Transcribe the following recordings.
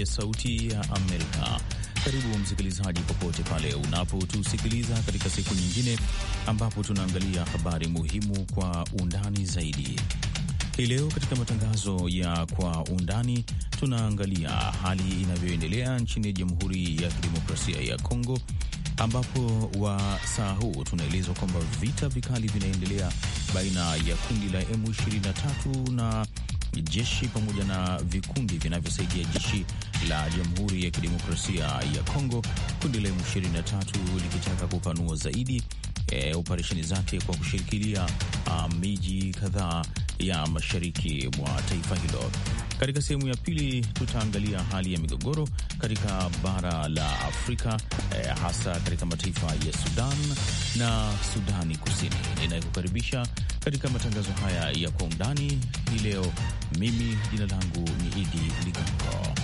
ya Sauti ya Amerika. Karibu msikilizaji, popote pale unapotusikiliza katika siku nyingine ambapo tunaangalia habari muhimu kwa undani zaidi. Hii leo katika matangazo ya Kwa Undani tunaangalia hali inavyoendelea nchini Jamhuri ya Kidemokrasia ya Kongo, ambapo wa saa huu tunaelezwa kwamba vita vikali vinaendelea baina ya kundi la M23 na jeshi pamoja na vikundi vinavyosaidia jeshi la Jamhuri ya Kidemokrasia ya Kongo, kundi la M23 likitaka kupanua zaidi e, operesheni zake kwa kushirikilia miji kadhaa ya mashariki mwa taifa hilo. Katika sehemu ya pili tutaangalia hali ya migogoro katika bara la Afrika e, hasa katika mataifa ya Sudan na Sudani Kusini. Ninayekukaribisha katika matangazo haya ya kwa undani hii leo, mimi jina langu ni Idi Ligongo.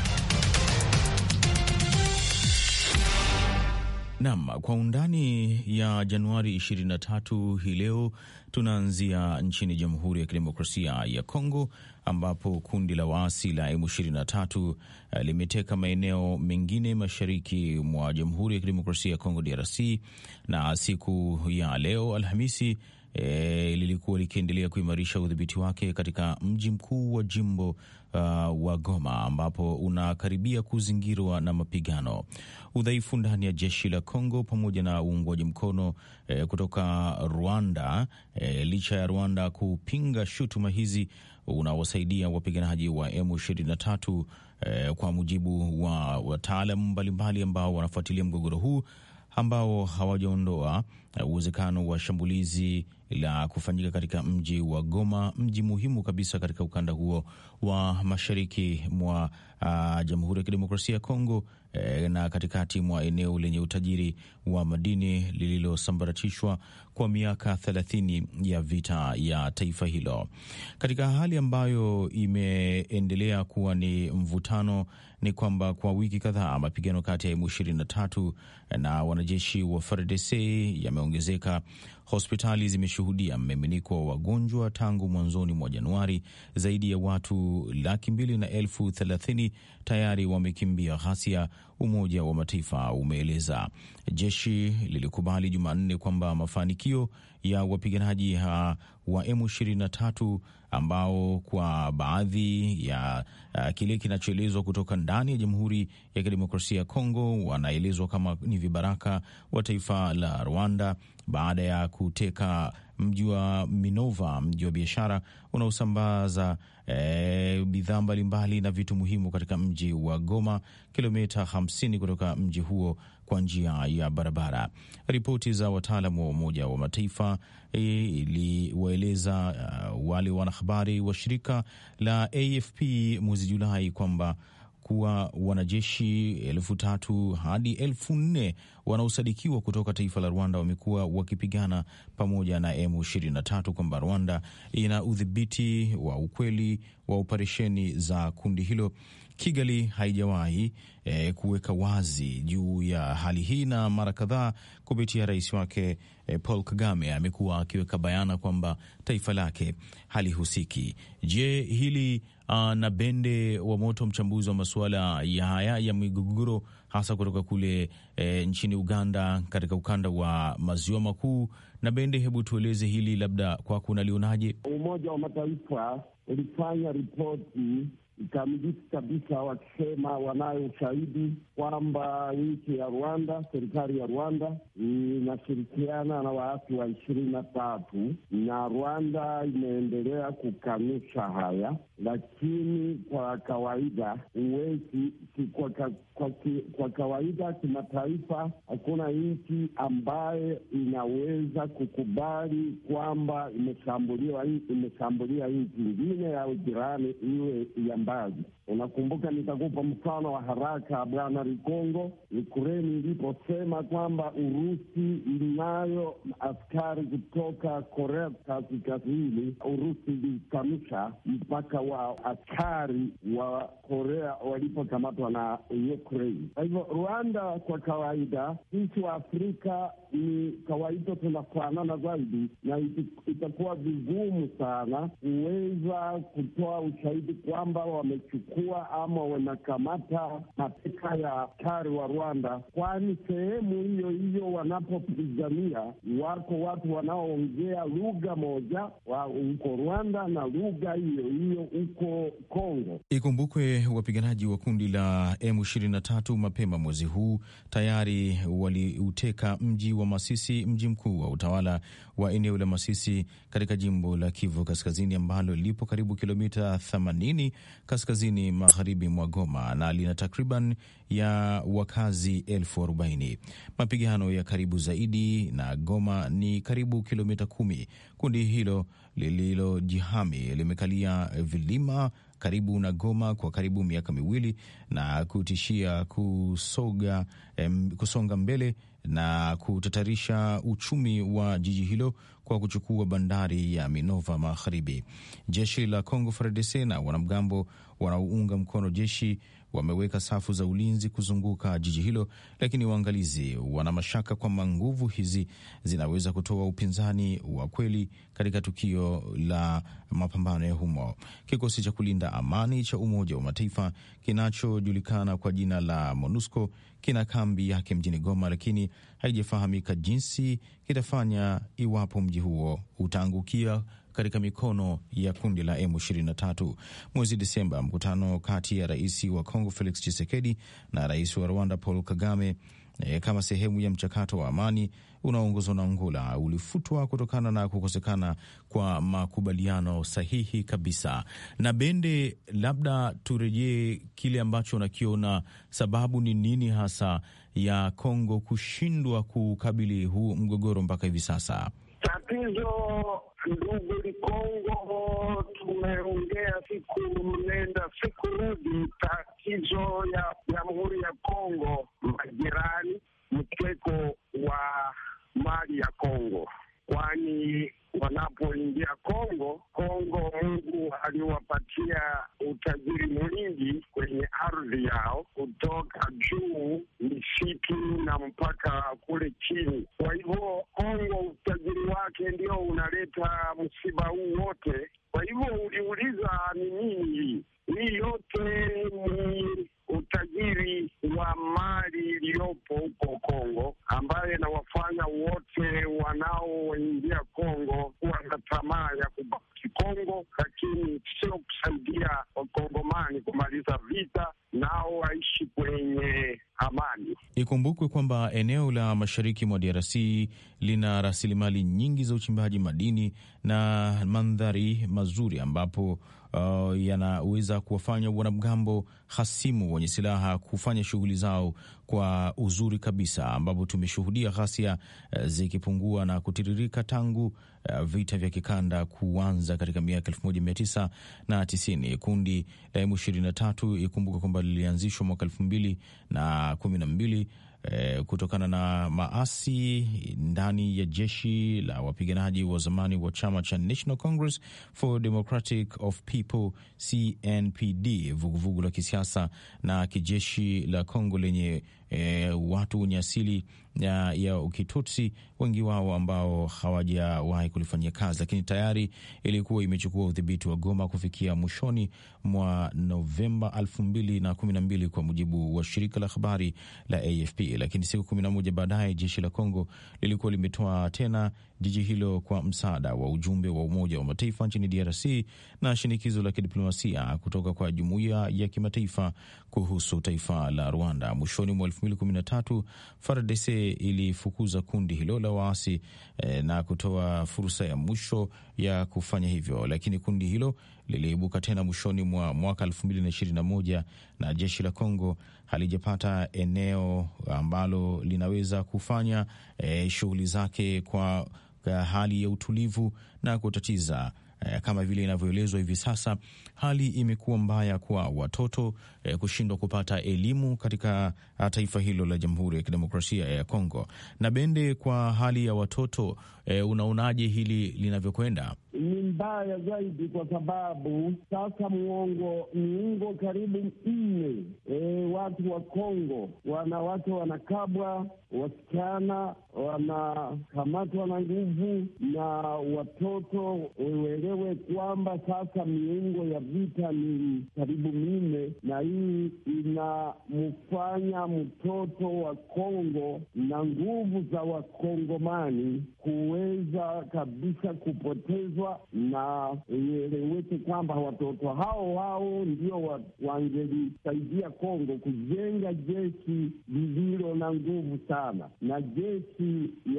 Nam kwa undani ya Januari 23 hii leo, tunaanzia nchini Jamhuri ya Kidemokrasia ya Kongo ambapo kundi la waasi la M23 eh, limeteka maeneo mengine mashariki mwa Jamhuri ya Kidemokrasia ya Kongo DRC, na siku ya leo Alhamisi E, lilikuwa likiendelea kuimarisha udhibiti wake katika mji mkuu wa jimbo uh, wa Goma ambapo unakaribia kuzingirwa na mapigano udhaifu ndani ya jeshi la Kongo pamoja na uungwaji mkono e, kutoka Rwanda e, licha ya Rwanda kupinga shutuma hizi unawasaidia wapiganaji wa M23 e, eh, kwa mujibu wa wataalamu mbalimbali ambao wanafuatilia mgogoro huu ambao hawajaondoa uwezekano wa shambulizi la kufanyika katika mji wa Goma, mji muhimu kabisa katika ukanda huo wa mashariki mwa uh, Jamhuri ya Kidemokrasia ya Kongo e, na katikati mwa eneo lenye utajiri wa madini lililosambaratishwa kwa miaka thelathini ya vita ya taifa hilo, katika hali ambayo imeendelea kuwa ni mvutano. Ni kwamba kwa wiki kadhaa mapigano kati ya m ishirini na tatu na wanajeshi wa FARDC yameongezeka. Hospitali zimeshuhudia mmiminiko wa wagonjwa tangu mwanzoni mwa Januari. Zaidi ya watu laki mbili na elfu thelathini tayari wamekimbia ghasia Umoja wa Mataifa umeeleza. Jeshi lilikubali Jumanne kwamba mafanikio ya wapiganaji wa M23 ambao kwa baadhi ya uh, kile kinachoelezwa kutoka ndani ya Jamhuri ya Kidemokrasia ya Kongo wanaelezwa kama ni vibaraka wa taifa la Rwanda baada ya kuteka mji wa Minova, mji wa biashara unaosambaza e, bidhaa mbalimbali na vitu muhimu katika mji wa Goma, kilomita 50 kutoka mji huo kwa njia ya barabara. Ripoti za wataalamu wa Umoja wa Mataifa e, iliwaeleza uh, wale wanahabari wa shirika la AFP mwezi Julai kwamba kuwa wanajeshi elfu tatu hadi elfu nne wanaosadikiwa kutoka taifa la Rwanda wamekuwa wakipigana pamoja na M23, kwamba Rwanda ina udhibiti wa ukweli wa operesheni za kundi hilo Kigali haijawahi e, kuweka wazi juu ya hali hii, na mara kadhaa kupitia rais wake e, Paul Kagame amekuwa akiweka bayana kwamba taifa lake halihusiki. Je, hili uh, na Bende wa Moto, mchambuzi wa masuala ya haya ya migogoro hasa kutoka kule e, nchini Uganda katika ukanda wa maziwa makuu. Na Bende, hebu tueleze hili labda kwako, unalionaje? Umoja wa Mataifa ulifanya ripoti ikamjiti kabisa, wakisema wanayo ushahidi kwamba nchi ya Rwanda, serikali ya Rwanda inashirikiana na waasi wa ishirini na tatu, na Rwanda imeendelea kukanusha haya, lakini kwa kawaida uwezi kwa, kwa, ki, kwa kawaida kimataifa, hakuna nchi ambaye inaweza kukubali kwamba imeshambulia nchi ingine au jirani iwe ya ujambazi. Unakumbuka, nitakupa mfano wa haraka, Bwana Rikongo, Ukreni iliposema kwamba Urusi inayo askari kutoka Korea Kaskazini, Urusi ilikanusha mpaka wa askari wa Korea walipokamatwa na Ukraine. Kwa hivyo, Rwanda kwa kawaida, sisi wa Afrika ni kawaida tunafanana zaidi, na itakuwa vigumu sana kuweza kutoa ushahidi kwamba wamechukua wanachukua ama wanakamata mateka ya askari wa Rwanda, kwani sehemu hiyo hiyo wanapopigania wako watu wanaoongea lugha moja huko Rwanda na lugha hiyo hiyo huko Kongo. Ikumbukwe wapiganaji wa kundi la M23 mapema mwezi huu tayari waliuteka mji wa Masisi, mji mkuu wa utawala wa eneo la Masisi katika jimbo la Kivu Kaskazini ambalo lipo karibu kilomita 80 kaskazini magharibi mwa Goma na lina takriban ya wakazi elfu arobaini. Mapigano ya karibu zaidi na Goma ni karibu kilomita kumi. Kundi hilo lililojihami limekalia vilima karibu na Goma kwa karibu miaka miwili na kutishia kusoga, em, kusonga mbele na kutatarisha uchumi wa jiji hilo kwa kuchukua bandari ya Minova Magharibi. Jeshi la congo FARDC na wanamgambo wanaounga mkono jeshi wameweka safu za ulinzi kuzunguka jiji hilo, lakini waangalizi wana mashaka kwamba nguvu hizi zinaweza kutoa upinzani wa kweli katika tukio la mapambano ya humo. Kikosi cha kulinda amani cha Umoja wa Mataifa kinachojulikana kwa jina la MONUSCO kina kambi yake mjini Goma, lakini haijafahamika jinsi kitafanya iwapo mji huo utaangukia katika mikono ya kundi la M23. Mwezi Desemba, mkutano kati ya rais wa Kongo Felix Tshisekedi na rais wa Rwanda Paul Kagame e, kama sehemu ya mchakato wa amani unaoongozwa na Angola ulifutwa kutokana na kukosekana kwa makubaliano sahihi kabisa. Na Bende, labda turejee kile ambacho unakiona sababu ni nini hasa ya Kongo kushindwa kukabili huu mgogoro mpaka hivi sasa? Tatizo ndugu kongo tumeongea siku nenda siku rudi matatizo ya Jamhuri ya Kongo majirani mkeko wa mali ya Kongo, kwani wanapoingia Kongo, Kongo Mungu aliwapatia utajiri mwingi kwenye ardhi yao, kutoka juu misitu na mpaka kule chini. Kwa hivyo Kongo utajiri wake ndio unaleta msiba huu wote. Kwa hivyo uliuliza ni nini hii yote ni Ikumbukwe kwamba eneo la mashariki mwa DRC lina rasilimali nyingi za uchimbaji madini na mandhari mazuri ambapo Uh, yanaweza kuwafanya wanamgambo hasimu wenye silaha kufanya shughuli zao kwa uzuri kabisa, ambapo tumeshuhudia ghasia uh, zikipungua na kutiririka tangu Eh, vita vya kikanda kuanza katika miaka elfu moja mia tisa na tisini. Kundi la M ishirini na tatu ikumbuka kwamba lilianzishwa mwaka elfu mbili na kumi na mbili Eh, kutokana na maasi ndani ya jeshi la wapiganaji wa zamani wa chama cha National Congress for Democratic of People CNPD, vuguvugu la kisiasa na kijeshi la congo lenye e, watu wenye asili ya, ya Ukitutsi, wengi wao ambao hawajawahi kulifanyia kazi, lakini tayari ilikuwa imechukua udhibiti wa Goma kufikia mwishoni mwa Novemba 2012 kwa mujibu wa shirika la habari la AFP lakini siku kumi na moja baadaye jeshi la Kongo lilikuwa limetoa tena jiji hilo kwa msaada wa ujumbe wa Umoja wa Mataifa nchini DRC na shinikizo la kidiplomasia kutoka kwa jumuiya ya kimataifa kuhusu taifa la Rwanda. Mwishoni mwa 2013 FARDC ilifukuza kundi hilo la waasi e, na kutoa fursa ya mwisho ya kufanya hivyo, lakini kundi hilo liliibuka tena mwishoni mwa mwaka 2021 na jeshi la congo halijapata eneo ambalo linaweza kufanya e, shughuli zake kwa hali ya utulivu na kutatiza eh, kama vile inavyoelezwa hivi sasa, hali imekuwa mbaya kwa watoto eh, kushindwa kupata elimu katika ah, taifa hilo la Jamhuri ya Kidemokrasia ya Kongo. Na Bende, kwa hali ya watoto eh, unaonaje hili linavyokwenda? Ni mbaya zaidi kwa sababu sasa muongo miungo karibu nne, e, watu wa Kongo wanawake wanakabwa, wasichana wanakamatwa na nguvu, na watoto uelewe kwamba sasa miungo ya vita ni karibu minne, na hii inamfanya mtoto wa Kongo na nguvu za Wakongomani kuweza kabisa kupotezwa, na ieleweke kwamba watoto hao hao ndio wangelisaidia Kongo kujenga jeshi lililo na nguvu sana na jeshi jeshi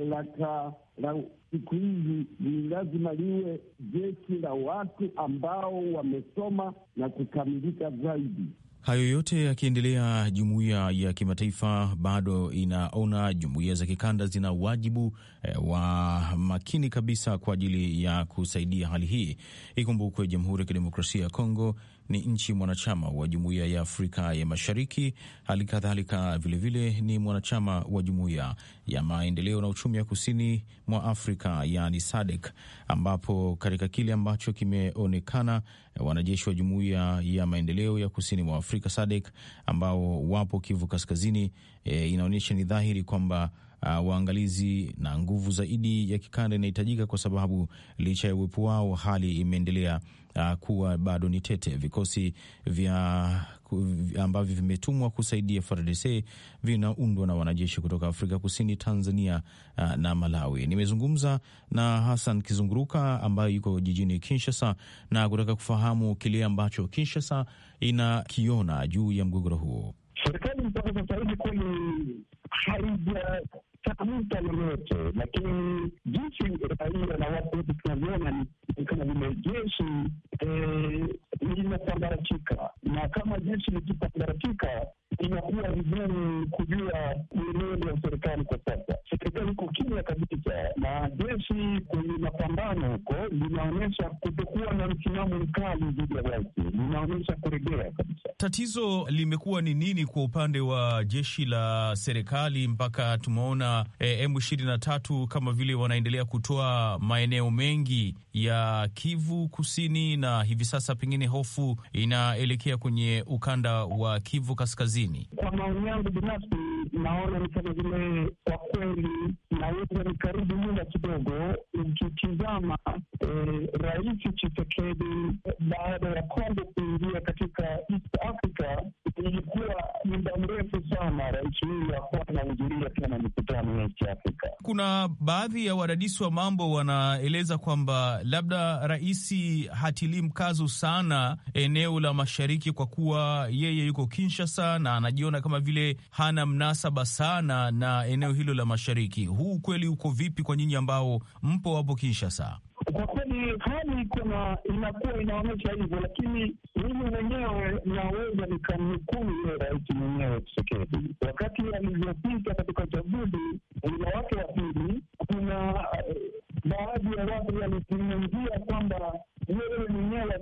la siku hizi ni lazima liwe jeshi la watu ambao wamesoma na kukamilika zaidi. Hayo yote yakiendelea, jumuiya ya kimataifa bado inaona jumuiya za kikanda zina wajibu eh, wa makini kabisa kwa ajili ya kusaidia hali hii. Ikumbukwe Jamhuri ya Kidemokrasia ya Kongo ni nchi mwanachama wa Jumuiya ya Afrika ya Mashariki, hali kadhalika vilevile ni mwanachama wa Jumuiya ya Maendeleo na Uchumi wa Kusini mwa Afrika, yani SADC, ambapo katika kile ambacho kimeonekana wanajeshi wa Jumuiya ya Maendeleo ya Kusini mwa Afrika SADC ambao wapo Kivu Kaskazini, e, inaonyesha ni dhahiri kwamba uh, waangalizi na nguvu zaidi ya kikanda inahitajika, kwa sababu licha ya uwepo wao hali imeendelea uh, kuwa bado ni tete. Vikosi vya ambavyo vimetumwa kusaidia FARDC vinaundwa na wanajeshi kutoka Afrika Kusini, Tanzania ah, na Malawi. Nimezungumza na Hassan Kizunguruka ambaye yuko jijini Kinshasa na kutaka kufahamu kile ambacho Kinshasa inakiona juu ya mgogoro huo. Serikali mpaka sasa hivi kweli haija tamuda lolote, lakini jinsi raia na watu wote tunavyoona ni kama vile jeshi linapambaratika, eh, na kama jeshi likipambaratika inakuwa vigumu kujua mwenendo wa serikali kwa sasa. Serikali iko kimya kabisa, na jeshi kwenye mapambano huko linaonyesha kutokuwa na msimamo mkali dhidi ya waasi, linaonyesha kuregea kabisa. Tatizo limekuwa ni nini kwa upande wa jeshi la serikali mpaka tumeona e, M23 kama vile wanaendelea kutoa maeneo mengi ya Kivu Kusini, na hivi sasa pengine hofu inaelekea kwenye ukanda wa Kivu Kaskazini. Kwa maoni yangu binafsi, naona ni kama vile kwa kweli naweza ni karibu muda kidogo, ukitizama e, eh, Rais Tshisekedi eh, baada ya Kongo kuingia katika East Africa ilikuwa muda mrefu sana rais huyu hakuwa anahudhuria tena mikutano ya East Africa. Kuna baadhi ya wadadisi wa mambo wanaeleza kwamba labda rais hatilii mkazo sana eneo la mashariki, kwa kuwa yeye yuko Kinshasa na anajiona kama vile hana mnasaba sana na eneo hilo la mashariki. Huu ukweli uko vipi kwa nyinyi ambao mpo hapo Kinshasa? Kwa kweli hali kuna inakuwa inaonyesha hivyo, lakini mimi mwenyewe naweza nikamnukuu yule rais mwenyewe kisekedi wakati alivyopita katika uchaguzi mlima wake wa pili, kuna eh, baadhi ya watu walitumia kwamba yeye mwenyewe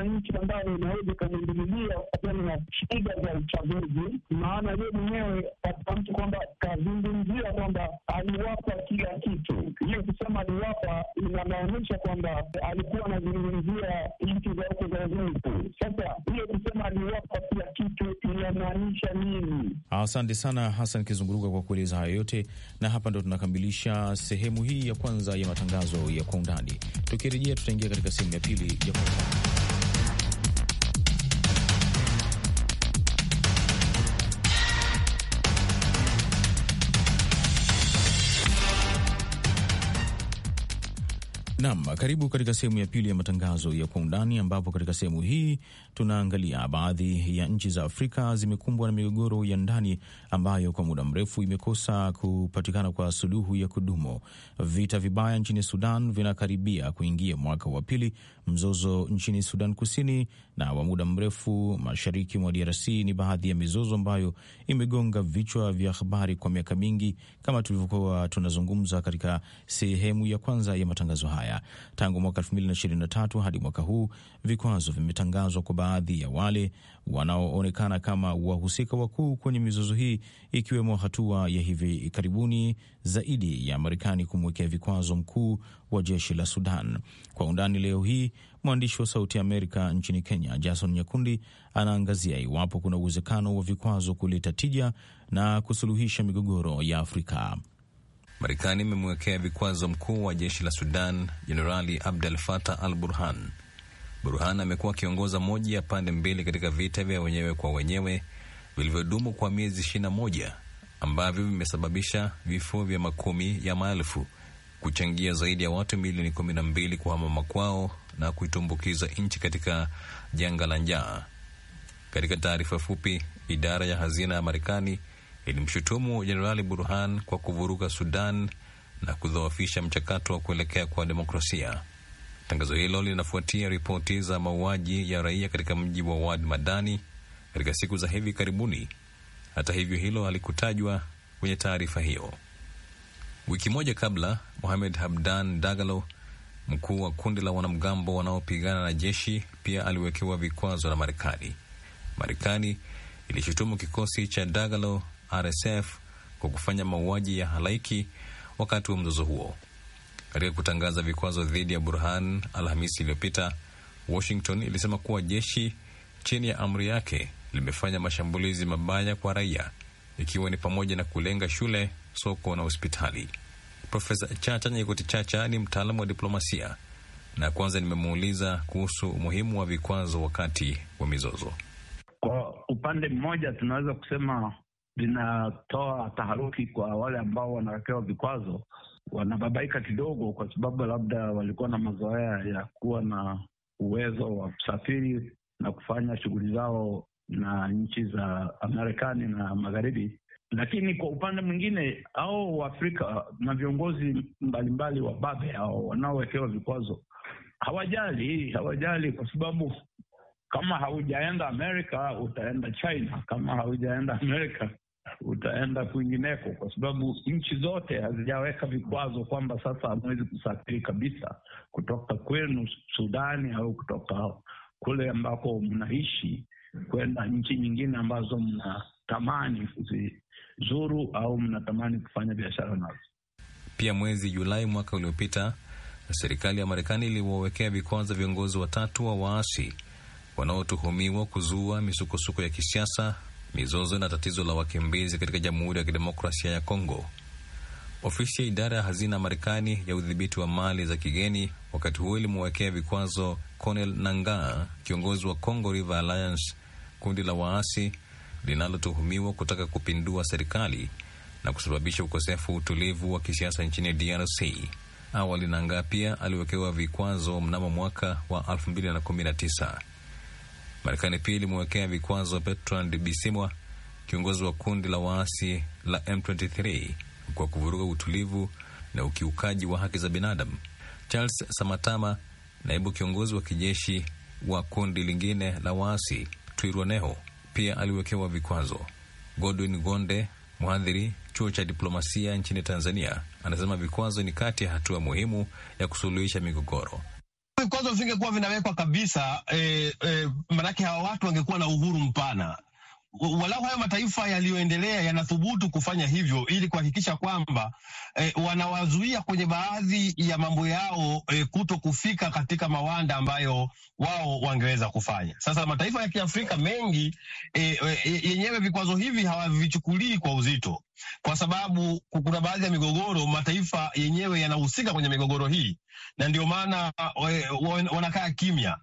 hakuna nchi ambayo inaweza ikamwingilia kutokana shida za uchaguzi. Maana yeye mwenyewe atamtu kwamba kazungumzia kwamba aliwapa kila kitu. Hiyo kusema aliwapa inamaanisha kwamba alikuwa anazungumzia nchi za huko za Urusi. Sasa hiyo kusema aliwapa kila kitu inamaanisha nini? Asante sana Hasan Kizunguruka kwa kueleza hayo yote, na hapa ndo tunakamilisha sehemu hii ya kwanza ya matangazo ya kwa undani. Tukirejea tutaingia katika sehemu ya pili ya kwa undani. Nam, karibu katika sehemu ya pili ya matangazo ya kwa undani, ambapo katika sehemu hii tunaangalia baadhi ya nchi za Afrika zimekumbwa na migogoro ya ndani ambayo kwa muda mrefu imekosa kupatikana kwa suluhu ya kudumu. Vita vibaya nchini Sudan vinakaribia kuingia mwaka wa pili Mzozo nchini Sudan Kusini na wa muda mrefu mashariki mwa DRC ni baadhi ya mizozo ambayo imegonga vichwa vya habari kwa miaka mingi, kama tulivyokuwa tunazungumza katika sehemu ya kwanza ya matangazo haya. Tangu mwaka 2023 hadi mwaka huu, vikwazo vimetangazwa kwa baadhi ya wale wanaoonekana kama wahusika wakuu kwenye mizozo hii, ikiwemo hatua ya hivi karibuni zaidi ya Marekani kumwekea vikwazo mkuu wa jeshi la Sudan. Kwa undani leo hii Mwandishi wa Sauti ya Amerika nchini Kenya, Jason Nyakundi, anaangazia iwapo kuna uwezekano wa vikwazo kuleta tija na kusuluhisha migogoro ya Afrika. Marekani imemwekea vikwazo mkuu wa jeshi la Sudan, Jenerali Abdel fatah al Burhan. Burhan amekuwa akiongoza moja ya pande mbili katika vita vya wenyewe kwa wenyewe vilivyodumu kwa miezi ishirini na moja ambavyo vimesababisha vifo vya makumi ya maelfu, kuchangia zaidi ya watu milioni kumi na mbili kuhama makwao na kuitumbukiza nchi katika janga la njaa. Katika taarifa fupi, idara ya hazina ya Marekani ilimshutumu Jenerali Burhan kwa kuvuruga Sudan na kudhoofisha mchakato wa kuelekea kwa demokrasia. Tangazo hilo linafuatia ripoti za mauaji ya raia katika mji wa Wad Madani katika siku za hivi karibuni. Hata hivyo, hilo halikutajwa kwenye taarifa hiyo. Wiki moja kabla, Mohamed Hamdan Dagalo Mkuu wa kundi la wanamgambo wanaopigana na jeshi pia aliwekewa vikwazo na Marekani. Marekani ilishutumu kikosi cha Dagalo RSF kwa kufanya mauaji ya halaiki wakati wa mzozo huo. Katika kutangaza vikwazo dhidi ya Burhan Alhamisi iliyopita, Washington ilisema kuwa jeshi chini ya amri yake limefanya mashambulizi mabaya kwa raia, ikiwa ni pamoja na kulenga shule, soko na hospitali. Profesa Chacha Nyaigoti Chacha ni mtaalamu wa diplomasia, na kwanza nimemuuliza kuhusu umuhimu wa vikwazo wakati wa mizozo. Kwa upande mmoja, tunaweza kusema vinatoa taharuki kwa wale ambao wanawekewa vikwazo, wanababaika kidogo, kwa sababu labda walikuwa na mazoea ya kuwa na uwezo wa kusafiri na kufanya shughuli zao na nchi za Marekani na Magharibi, lakini kwa upande mwingine, au Waafrika uh, na viongozi mbalimbali wa babe hao wanaowekewa vikwazo hawajali, hawajali kwa sababu kama haujaenda Amerika utaenda China, kama haujaenda Amerika utaenda kwingineko, kwa sababu nchi zote hazijaweka vikwazo kwamba sasa hamwezi kusafiri kabisa kutoka kwenu Sudani au kutoka kule ambako mnaishi kwenda nchi nyingine ambazo mna mnatamani kuzizuru au mnatamani kufanya biashara nazo. Pia mwezi Julai mwaka uliopita, serikali ya Marekani iliwawekea vikwazo viongozi watatu wa waasi wanaotuhumiwa kuzua misukosuko ya kisiasa, mizozo na tatizo la wakimbizi katika Jamhuri ya Kidemokrasia ya Kongo. Ofisi ya idara ya hazina ya Marekani ya udhibiti wa mali za kigeni wakati huo ilimwekea vikwazo Cornel Nangaa, kiongozi wa Congo River Alliance, kundi la waasi linalotuhumiwa kutaka kupindua serikali na kusababisha ukosefu utulivu wa kisiasa nchini DRC. Awali Nangaa pia aliwekewa vikwazo mnamo mwaka wa 2019. Marekani pia ilimwekea vikwazo Bertrand Bisimwa, kiongozi wa kundi la waasi la M23 kwa kuvuruga utulivu na ukiukaji wa haki za binadamu. Charles Samatama, naibu kiongozi wa kijeshi wa kundi lingine la waasi Twirwaneho pia aliwekewa vikwazo. Godwin Gonde, mhadhiri chuo cha diplomasia nchini Tanzania, anasema vikwazo ni kati ya hatua muhimu ya kusuluhisha migogoro. Vikwazo visingekuwa vinawekwa kabisa, eh, eh, manake hawa watu wangekuwa na uhuru mpana walau hayo mataifa yaliyoendelea yanathubutu kufanya hivyo ili kuhakikisha kwamba eh, wanawazuia kwenye baadhi ya mambo yao eh, kuto kufika katika mawanda ambayo wao wangeweza kufanya. Sasa mataifa ya Kiafrika mengi eh, eh, yenyewe vikwazo hivi hawavichukulii kwa uzito, kwa sababu kuna baadhi ya migogoro mataifa yenyewe yanahusika kwenye migogoro hii, na ndio maana eh, wanakaa kimya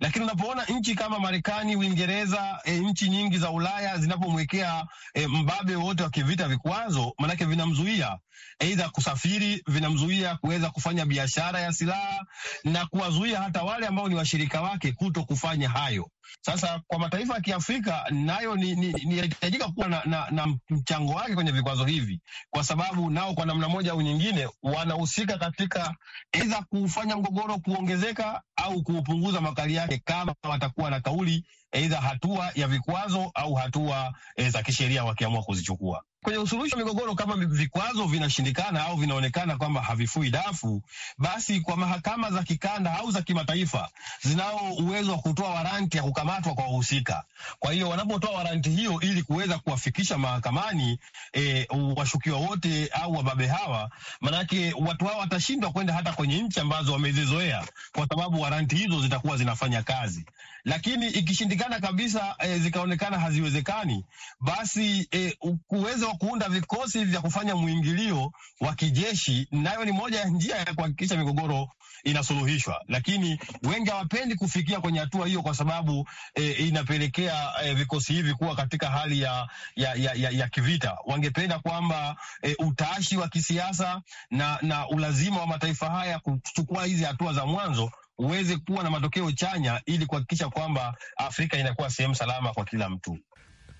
lakini unavyoona nchi kama Marekani, Uingereza, e, nchi nyingi za Ulaya zinapomwekea e, mbabe wote wa kivita vikwazo, maanake vinamzuia aidha kusafiri, vinamzuia kuweza kufanya biashara ya silaha na kuwazuia hata wale ambao ni washirika wake kuto kufanya hayo. Sasa kwa mataifa ya Kiafrika nayo yanahitajika ni, ni, kuwa na, na, na mchango wake kwenye vikwazo hivi, kwa sababu nao kwa namna moja au nyingine wanahusika katika aidha kufanya mgogoro kuongezeka au kuupunguza makali yake, kama watakuwa na kauli aidha hatua ya vikwazo au hatua eh, za kisheria wakiamua kuzichukua kwenye usuluhisho wa migogoro, kama vikwazo vinashindikana au vinaonekana kwamba havifui dafu, basi kwa mahakama za kikanda au za kimataifa zinao uwezo wa kutoa waranti ya kukamatwa kwa wahusika. Kwa hiyo wanapotoa waranti hiyo ili kuweza kuwafikisha mahakamani e, washukiwa wote au wababe hawa, manake watu hao watashindwa kwenda hata kwenye nchi ambazo wamezizoea, kwa sababu waranti hizo zitakuwa zinafanya kazi. Lakini ikishindikana kabisa, e, zikaonekana haziwezekani, basi e, kuweza kuunda vikosi vya kufanya mwingilio wa kijeshi, nayo ni moja ya njia ya kuhakikisha migogoro inasuluhishwa, lakini wengi hawapendi kufikia kwenye hatua hiyo kwa sababu e, inapelekea e, vikosi hivi kuwa katika hali ya, ya, ya, ya, ya kivita. Wangependa kwamba e, utashi wa kisiasa na, na ulazima wa mataifa haya kuchukua hizi hatua za mwanzo uweze kuwa na matokeo chanya ili kuhakikisha kwamba Afrika inakuwa sehemu salama kwa kila mtu.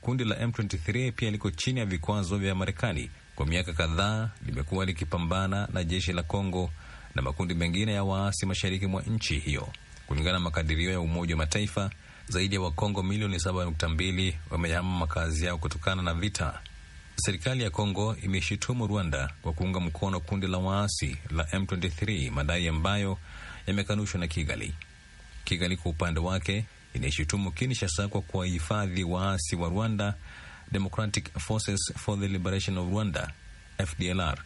Kundi la M23 pia liko chini ya vikwazo vya Marekani. Kwa miaka kadhaa limekuwa likipambana na jeshi la Kongo na makundi mengine ya waasi mashariki mwa nchi hiyo. Kulingana na makadirio ya Umoja wa Mataifa, zaidi ya Wakongo milioni 7.2 wamehama makazi yao kutokana na vita. Serikali ya Kongo imeshitumu Rwanda kwa kuunga mkono kundi la waasi la M23, madai ambayo yamekanushwa na Kigali. Kigali kwa upande wake inaishutumu Kinshasa kwa kuwahifadhi waasi wa Rwanda Democratic Forces for the Liberation of Rwanda FDLR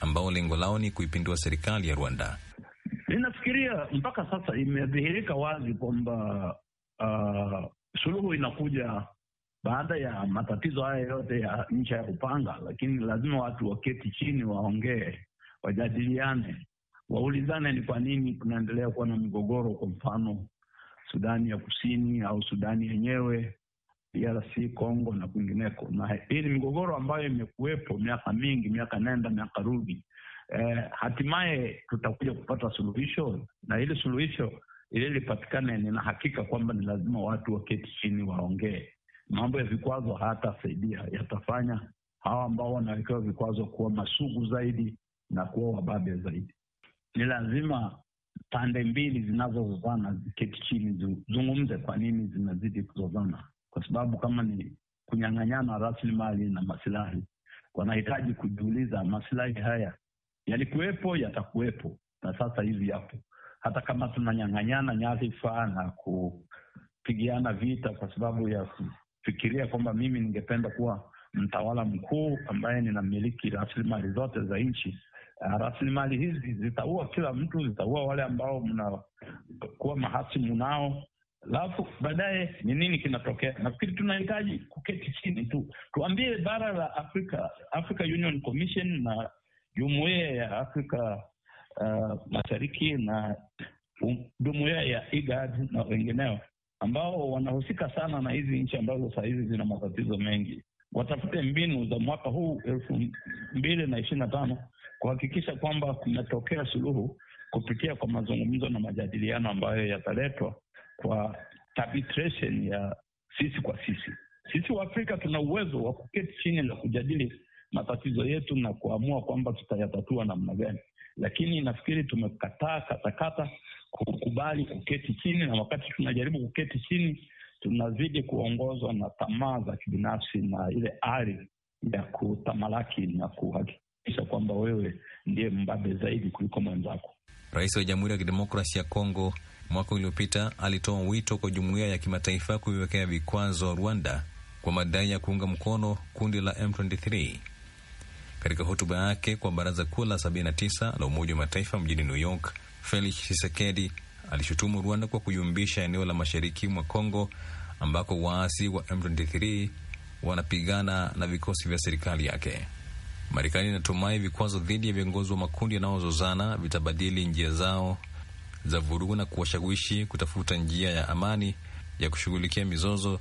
ambao lengo lao ni kuipindua serikali ya Rwanda. Ninafikiria mpaka sasa imedhihirika wazi kwamba uh, suluhu inakuja baada ya matatizo haya yote ya ncha ya upanga, lakini lazima watu waketi chini, waongee, wajadiliane, waulizane ni kwa nini kunaendelea kuwa na mgogoro, kwa mfano Sudani ya Kusini au Sudani yenyewe, DRC Congo na kwingineko. Na hii ni migogoro ambayo imekuwepo miaka mingi, miaka nenda miaka rudi. Eh, hatimaye tutakuja kupata suluhisho, na hili suluhisho ili lipatikane, nina hakika kwamba ni lazima watu waketi chini waongee. Mambo ya vikwazo hayatasaidia, yatafanya hawa ambao wanawekewa vikwazo kuwa masugu zaidi na kuwa wababe zaidi. Ni lazima pande mbili zinazozozana ziketi chini zungumze kwa nini zinazidi kuzozana, kwa sababu kama ni kunyang'anyana rasilimali na masilahi, wanahitaji kujiuliza masilahi haya yalikuwepo, yatakuwepo na sasa hivi yapo, hata kama tunanyang'anyana nyadhifa na kupigiana vita kwa sababu ya kufikiria kwamba mimi ningependa kuwa mtawala mkuu ambaye ninamiliki rasilimali zote za nchi Eh, rasilimali hizi zitaua kila mtu, zitaua wale ambao mnakuwa mahasimu nao, alafu baadaye ni nini kinatokea? Nafikiri tunahitaji kuketi chini tu tuambie bara la Afrika, Africa Union Commission na jumuiya ya Afrika uh, Mashariki na um, jumuiya ya IGAD na wengineo ambao wanahusika sana na hizi nchi ambazo saa hizi zina matatizo mengi watafute mbinu za mwaka huu elfu mbili na ishirini na tano kuhakikisha kwamba kumetokea suluhu kupitia kwa mazungumzo na majadiliano ambayo yataletwa kwa arbitration ya sisi kwa sisi. Sisi wa Afrika tuna uwezo wa kuketi chini na kujadili matatizo yetu na kuamua kwamba tutayatatua namna gani, lakini nafikiri tumekataa katakata kukubali kuketi chini, na wakati tunajaribu kuketi chini tunazidi kuongozwa na tamaa za kibinafsi na ile ari ya kutamalaki na kuhakikisha kwamba wewe ndiye mbabe zaidi kuliko mwenzako. Rais wa Jamhuri ya Kidemokrasi ya Kongo mwaka uliopita alitoa wito kwa jumuiya ya kimataifa kuiwekea vikwazo Rwanda kwa madai ya kuunga mkono kundi la M23. Katika hotuba yake kwa baraza kuu la 79 la Umoja wa Mataifa mjini New York, Felix Chisekedi alishutumu Rwanda kwa kuyumbisha eneo la mashariki mwa Kongo ambako waasi wa M23 wanapigana na vikosi vya serikali yake. Marekani inatumai vikwazo dhidi ya viongozi wa makundi yanayozozana vitabadili njia zao za vurugu na kuwashawishi kutafuta njia ya amani ya kushughulikia mizozo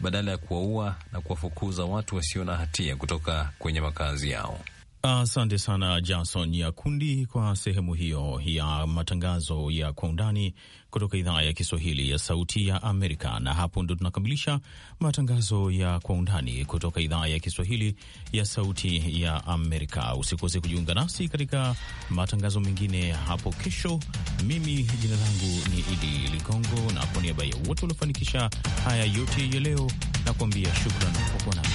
badala ya kuwaua na kuwafukuza watu wasio na hatia kutoka kwenye makazi yao. Asante sana Jason Nyakundi kwa sehemu hiyo ya matangazo ya Kwa Undani kutoka idhaa ya Kiswahili ya Sauti ya Amerika. Na hapo ndo tunakamilisha matangazo ya Kwa Undani kutoka idhaa ya Kiswahili ya Sauti ya Amerika. Usikose kujiunga nasi katika matangazo mengine hapo kesho. Mimi jina langu ni Idi Ligongo, na kwa niaba ya wote waliofanikisha haya yote ya leo, na kuambia shukran kwa kuwa nami.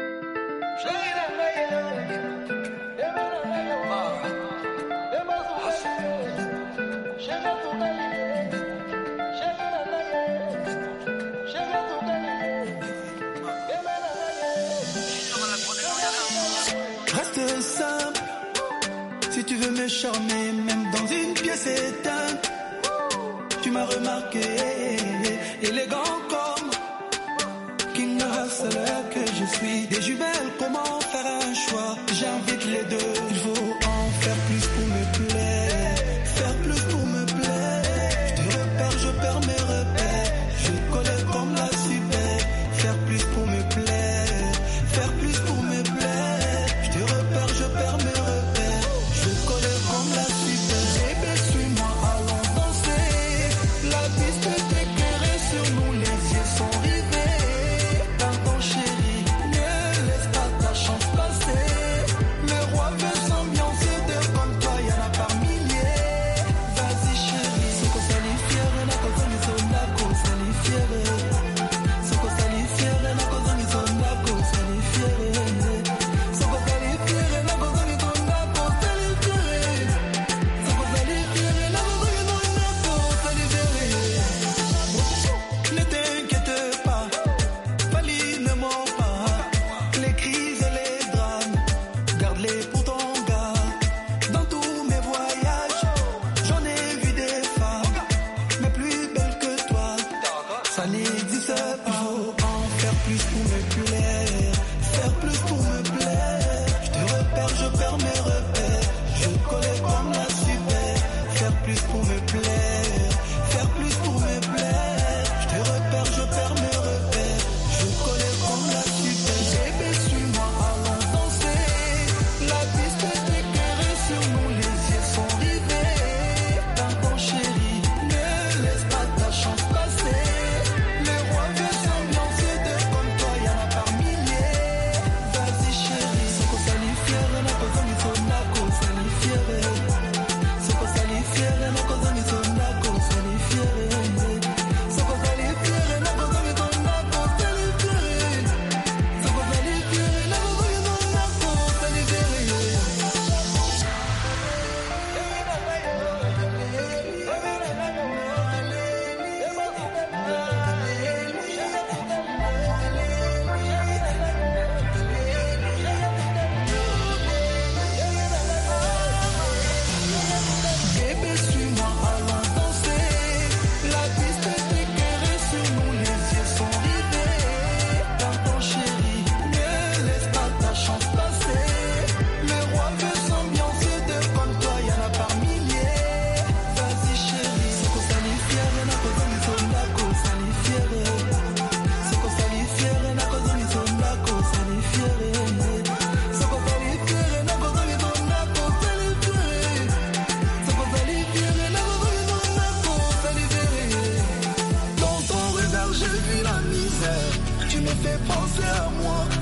you bet.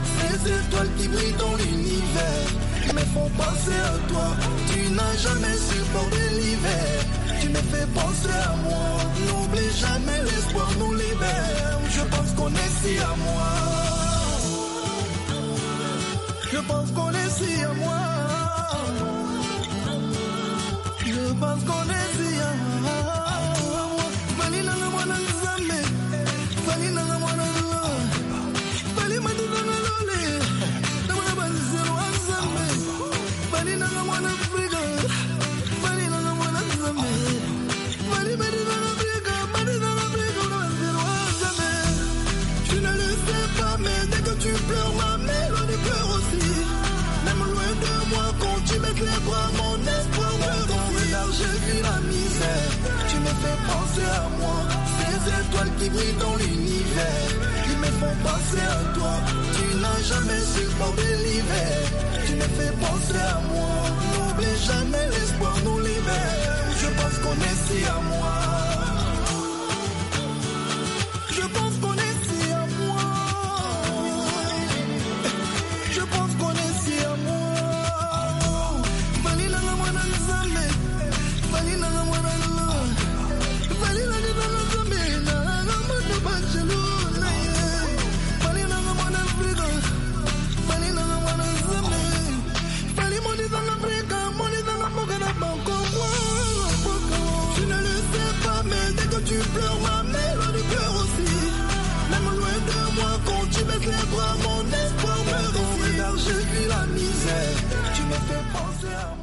Ces étoiles qui brillent dans l'univers me font penser à toi. Tu n'as jamais supporté l'hiver. Tu me fais penser à moi. N'oublie jamais l'espoir nous libère. Je pense qu'on est si à moi. Je pense qu'on est si à moi. Je pense qu'on est si à moi Ces étoiles qui brillent dans l'univers qui me font penser à toi Tu n'as jamais su supporté l'hiver Tu me fais penser à moi N'oublie jamais l'espoir nous libère Je pense qu'on est si à moi te pensé